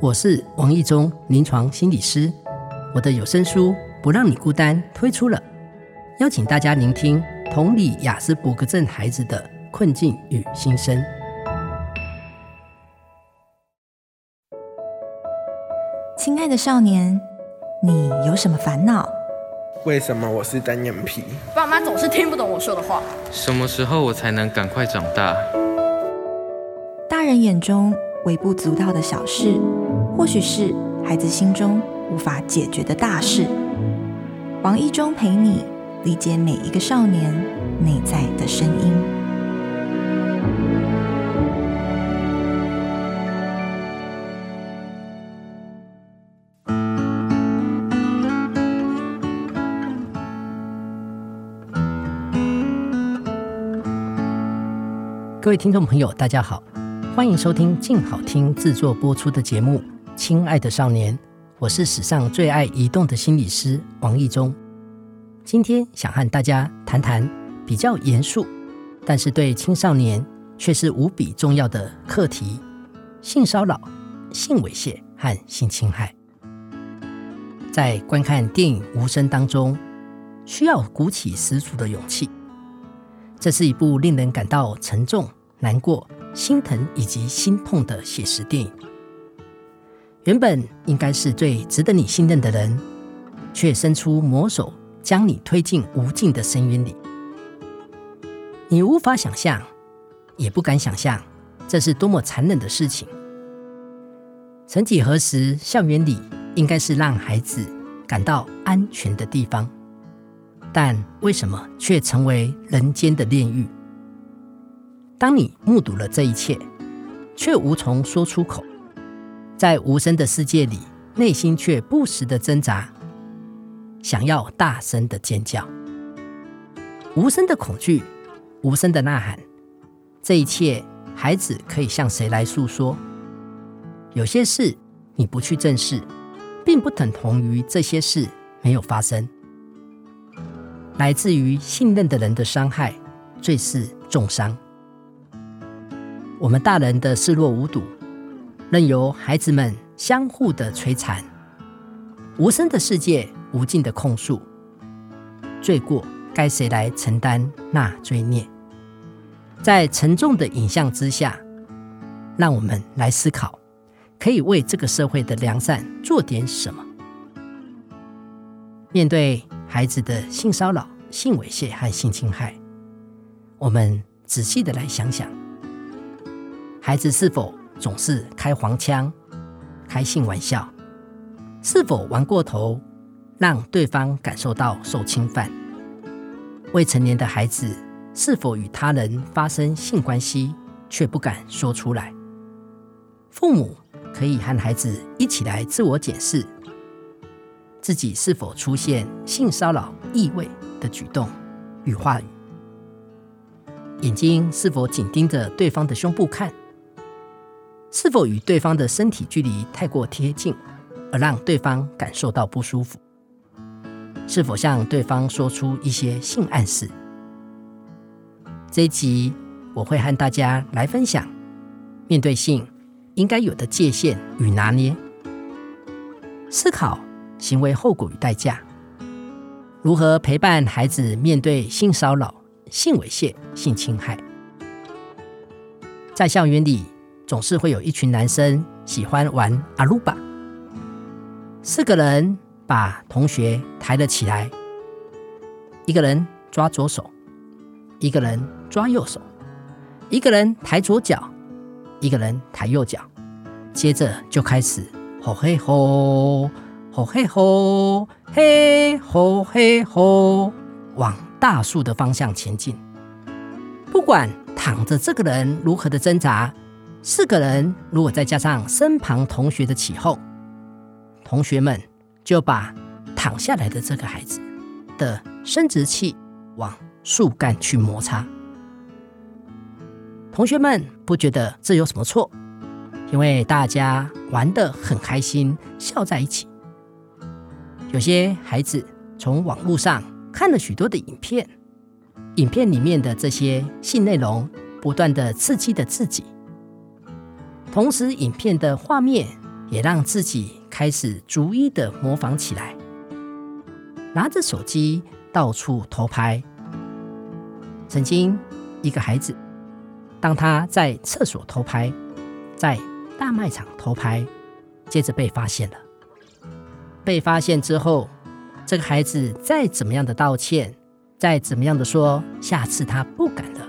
我是王意中，臨床心理師。我的有聲書《不讓你孤單》推出了，邀請大家聆聽，同理亞斯伯格症孩子的困境與心聲。親愛的少年，你有什麼煩惱？為什麼我是單眼皮？爸媽總是聽不懂我說的話。什麼時候我才能趕快長大？大人眼中微不足道的小事。或許是孩子心中無法解決的大事。王意中陪你理解每一個少年內在的聲音。各位聽眾朋友，大家好，歡迎收聽靜好聽制作播出的節目。親愛的少年，我是史上最愛移動的心理師王意中。今天想和大家談談比較嚴肅，但是對青少年卻是無比重要的課題：性騷擾、性猥褻和性侵害。在觀看電影《無聲》當中，需要鼓起十足的勇氣。這是一部令人感到沉重、難過、心疼以及心痛的寫實電影。原本應該是最值得你信任的人，卻伸出魔手將你推進無盡的深淵裡。你無法想象，也不敢想象，這是多麼殘忍的事情。曾幾何時，校園裡應該是讓孩子感到安全的地方，但為什麼卻成為人間的煉獄？當你目睹了這一切，卻無從說出口。在無聲的世界裡，內心卻不時的掙扎，想要大聲的尖叫。無聲的恐懼，無聲的吶喊，這一切，孩子可以向誰來訴說？有些事你不去正視，並不等同於這些事沒有發生。來自於信任的人的傷害，最是重傷。我們大人的視若無睹。任由孩子們相互的摧殘，無聲的世界，無盡的控訴，罪過該誰來承擔？那罪孽，在沉重的影像之下，讓我們來思考，可以為這個社會的良善做點什麼？面對孩子的性騷擾、性猥褻和性侵害，我們仔細的來想想，孩子是否總是開黃腔、開性玩笑，是否玩過頭，讓對方感受到受侵犯？未成年的孩子是否與他人發生性關係，卻不敢說出來？父母可以和孩子一起來自我檢視，自己是否出現性騷擾意味的舉動與話語？眼睛是否緊盯着對方的胸部看？是否與對方的身體距離太過貼近，而讓對方感受到不舒服？是否向對方說出一些性暗示？這一集我會和大家來分享面對性應該有的界限與拿捏，思考行為後果與代價，如何陪伴孩子面對性騷擾、性猥褻、性侵害？在校園裡。總是會有一群男生喜歡玩阿魯巴，四個人把同學抬了起來，一個人抓左手，一個人抓右手，一個人抬左腳，一個人抬右腳，接着就開始吼嘿吼，吼嘿吼，嘿吼嘿吼，往大樹的方向前進。不管躺着這個人如何的掙扎。四個人如果再加上身旁同學的起鬨，同學們就把躺下來的這個孩子的生殖器往樹幹去摩擦。同學們不覺得這有什麼錯，因為大家玩得很開心，笑在一起。有些孩子從網絡上看了許多的影片，影片裡面的這些性內容不斷地刺激着自己。同時，影片的畫面也讓自己開始逐一的模仿起來，拿着手機到處偷拍。曾經，一個孩子，當他在廁所偷拍，在大賣場偷拍，接着被發現了。被發現之後，這個孩子再怎麼樣的道歉，再怎麼樣的說下次他不敢了，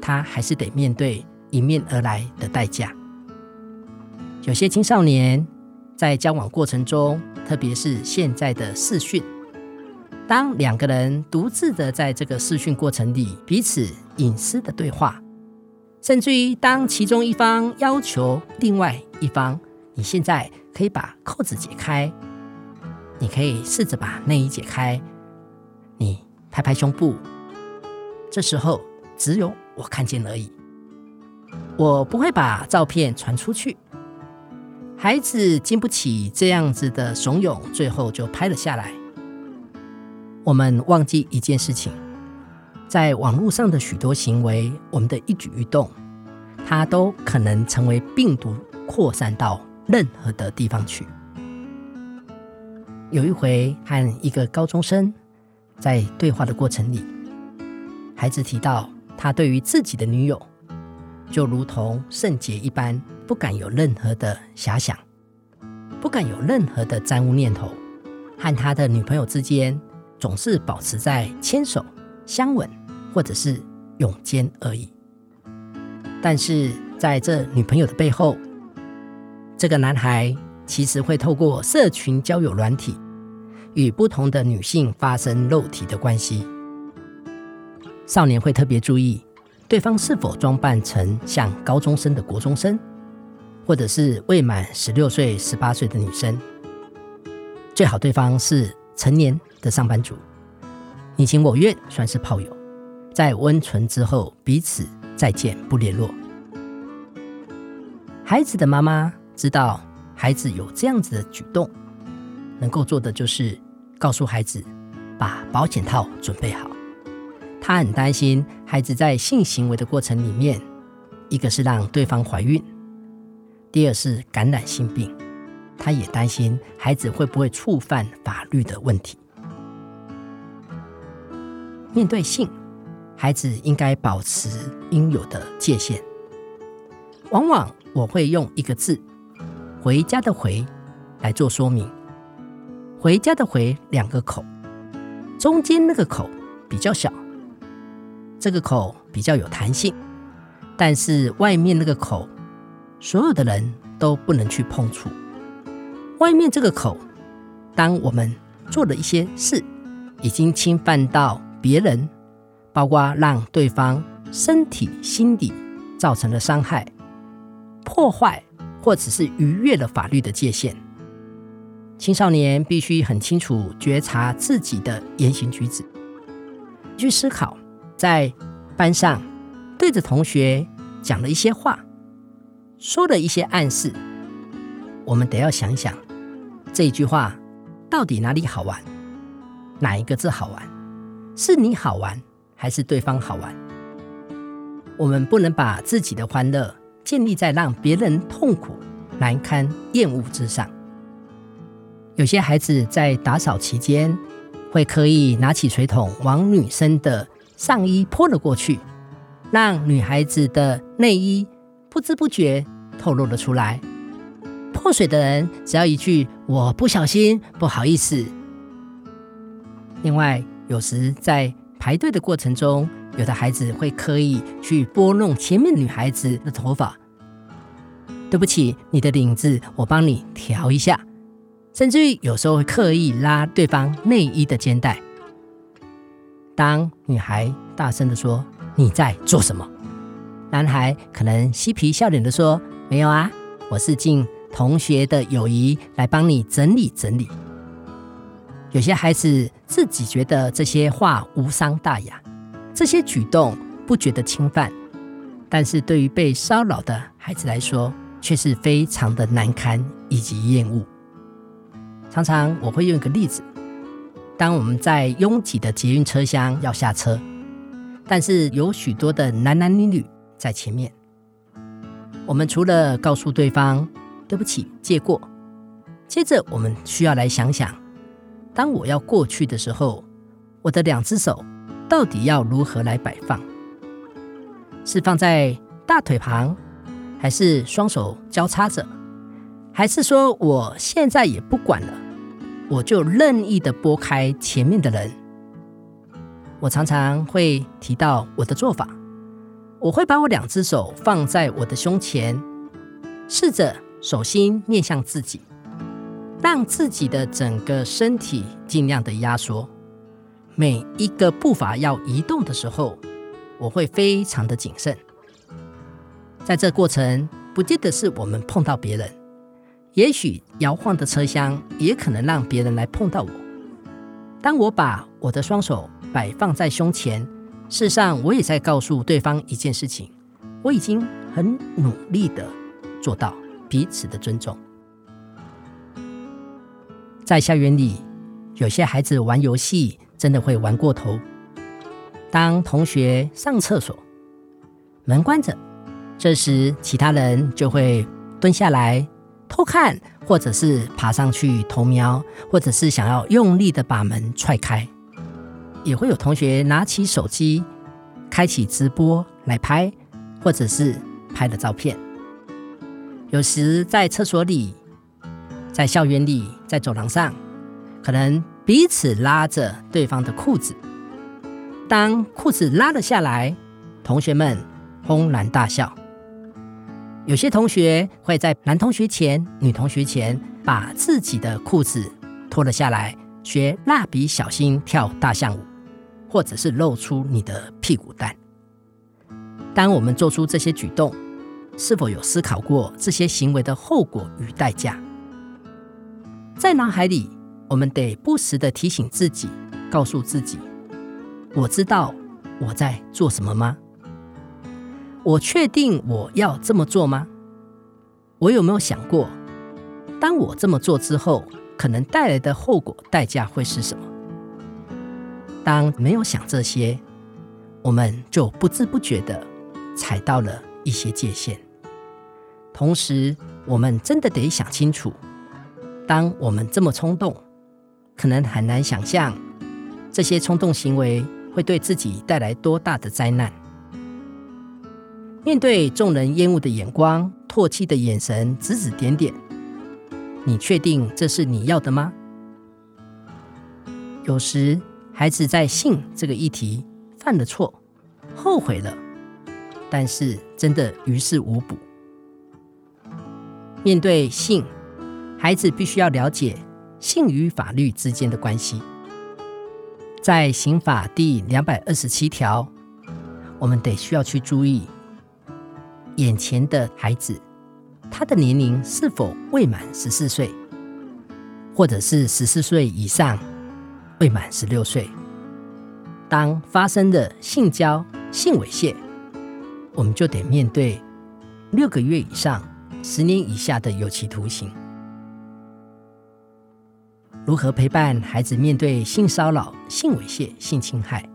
他還是得面對迎面而來的代價。有些青少年在交往過程中，特別是現在的視訊，當兩個人獨自的在這個視訊過程裡彼此隱私的對話，甚至於當其中一方要求另外一方，你現在可以把釦子解開，你可以試着把內衣解開，你拍拍胸部，這時候只有我看見而已。我不會把照片傳出去。孩子經不起這樣子的慫恿，最後就拍了下來。我們忘記一件事情，在網絡上的許多行為，我們的一舉一動，它都可能成為病毒擴散到任何的地方去。有一回和一個高中生在對話的過程裡，孩子提到他對於自己的女友就如同聖潔一般，不敢有任何的遐想，不敢有任何的沾污念頭，和他的女朋友之間總是保持在牽手、相吻或者是擁肩而已。但是在這女朋友的背後，這個男孩其實會透過社群交友軟體，與不同的女性發生肉體的關係。少年會特別注意對方是否裝扮成像高中生的國中生。或者是未滿十六歲、十八歲的女生，最好對方是成年的上班族，你情我願，算是炮友。在溫存之後，彼此再見不聯絡。孩子的媽媽知道孩子有這樣子的舉動，能夠做的就是告訴孩子把保險套準備好。她很擔心孩子在性行為的過程裡面，一個是讓對方懷孕。第二是感染性病，他也擔心孩子會不會觸犯法律的問題。面對性，孩子應該保持應有的界限。往往我會用一個字“回家”的“回”來做說明，“回家”的“回”兩個口，中間那個口比較小，這個口比較有彈性，但是外面那個口，所有的人都不能去碰觸外面這個口。當我們做了一些事，已經侵犯到別人，包括讓對方身體、心理造成了傷害、破壞，或者是逾越了法律的界限，青少年必須很清楚覺察自己的言行舉止，去思考，在班上對着同學講了一些話。說了一些暗示，我們得要想想，這一句話到底哪裡好玩？哪一個字好玩？是你好玩，還是對方好玩？我們不能把自己的歡樂建立在讓別人痛苦、難堪、厭惡之上。有些孩子在打掃期間，會刻意拿起水桶往女生的上衣潑了過去，讓女孩子的內衣，不知不覺透露了出來。潑水的人只要一句“我不小心，不好意思”。另外，有時在排隊的過程中，有的孩子會刻意去撥弄前面女孩子的頭髮。對不起，你的領子我幫你調一下。甚至於有時候會刻意拉對方內衣的肩帶。當女孩大聲地說：“你在做什麼？”男孩可能嬉皮笑臉的說：“沒有啊，我是盡同學的友誼來幫你整理整理。”有些孩子自己覺得這些話無傷大雅，這些舉動不覺得侵犯，但是對於被騷擾的孩子來說，卻是非常的難堪以及厭惡。常常我會用一個例子：當我們在擁擠的捷運車廂要下車，但是有許多的男男女女。在前面，我們除了告訴對方“對不起，借過”，接着我們需要來想想，當我要過去的時候，我的兩隻手到底要如何來擺放？是放在大腿旁，還是雙手交叉着？還是說我現在也不管了，我就任意的撥開前面的人？我常常會提到我的做法。我會把我兩隻手放在我的胸前，試着手心面向自己，讓自己的整個身體儘量的壓縮。每一個步伐要移動的時候，我會非常的謹慎。在這過程，不見得是我們碰到別人，也許搖晃的車廂也可能讓別人來碰到我。當我把我的雙手擺放在胸前。事實上，我也在告訴對方一件事情：我已經很努力的做到彼此的尊重。在校園裡，有些孩子玩遊戲真的會玩過頭。當同學上廁所，門關着，這時其他人就會蹲下來偷看，或者是爬上去偷瞄，或者是想要用力的把門踹開。也會有同學拿起手機，開啟直播來拍，或者是拍了照片。有時在廁所裡、在校園裡、在走廊上，可能彼此拉着對方的褲子，當褲子拉了下來，同學們哄然大笑。有些同學會在男同學前、女同學前，把自己的褲子脫了下來，學蠟筆小新跳大象舞。或者是露出你的屁股蛋。當我們做出這些舉動，是否有思考過這些行為的後果與代價？在腦海裡，我們得不時地提醒自己，告訴自己：我知道我在做什麼嗎？我確定我要這麼做嗎？我有沒有想過，當我這麼做之後，可能帶來的後果、代價會是什麼？當沒有想這些，我們就不知不覺地踩到了一些界限。同時，我們真的得想清楚，當我們這麼衝動，可能很難想象這些衝動行為會對自己帶來多大的災難。面對眾人厭惡的眼光、唾棄的眼神、指指點點，你確定這是你要的嗎？有時，孩子在性這個議題犯了錯，後悔了，但是真的於事無補。面對性，孩子必須要了解性與法律之間的關係。在刑法第兩百二十七條，我們得需要去注意眼前的孩子，他的年齡是否未滿十四歲，或者是十四歲以上。未滿十六歲，當發生的性交、性猥褻，我們就得面對六個月以上、十年以下的有期徒刑。如何陪伴孩子面對性騷擾、性猥褻、性侵害？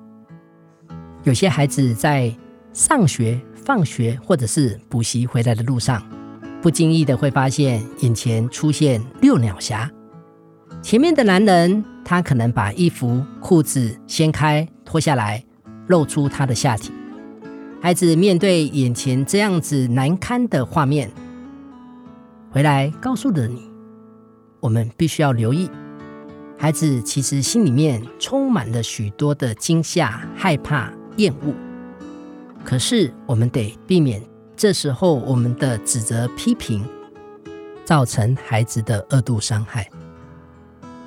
有些孩子在上學、放學或者是補習回來的路上，不經意的會發現眼前出現“露鳥俠”。前面的男人，他可能把衣服、褲子掀開，脫下來，露出他的下體。孩子面對眼前這樣子難堪的畫面，回來告訴了你，我們必須要留意。孩子其實心裡面充滿了許多的驚嚇、害怕、厭惡。可是我們得避免這時候我們的指責、批評，造成孩子的二度傷害。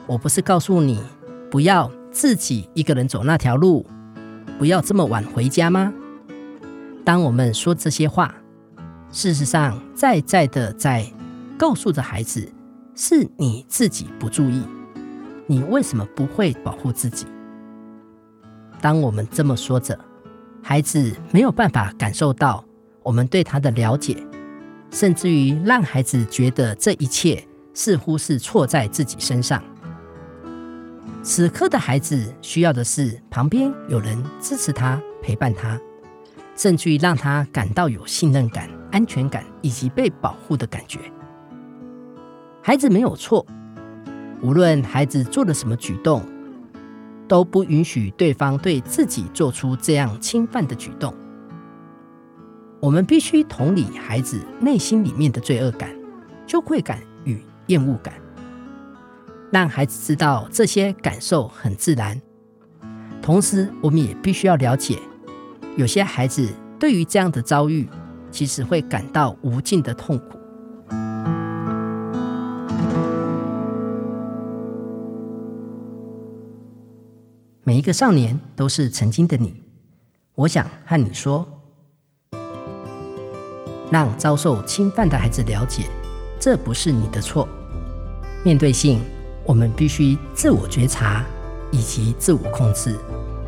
我不是告訴你，不要自己一個人走那條路？不要這麼晚回家嗎？當我們說這些話，事實上在在的在告訴着孩子是你自己不注意，你為什麼不會保護自己？當我們這麼說着，孩子沒有辦法感受到我們對他的了解，甚至於讓孩子覺得這一切似乎是錯在自己身上。此刻的孩子需要的是旁邊有人支持他、陪伴他，甚至讓他感到有信任感、安全感以及被保護的感覺。孩子沒有錯，無論孩子做了什麼舉動，都不允許對方對自己做出這樣侵犯的舉動。我們必須同理孩子內心裡面的罪惡感、羞愧感與厭惡感。讓孩子知道這些感受很自然，同時我們也必須要了解，有些孩子對於這樣的遭遇，其實會感到無盡的痛苦。每一個少年都是曾經的你，我想和你說，讓遭受侵犯的孩子了解，這不是你的錯。面對性。我們必須自我覺察以及自我控制，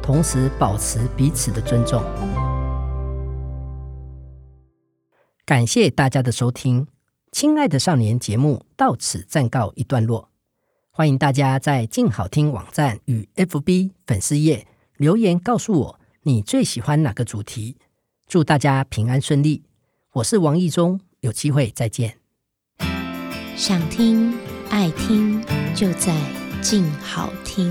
同時保持彼此的尊重。感謝大家的收聽，親愛的少年，節目到此暫告一段落。歡迎大家在鏡好聽網站與 FB 粉絲頁留言告訴我你最喜歡哪個主題。祝大家平安順利，我是王意中，有機會再見。想聽。愛聽就在靜好聽。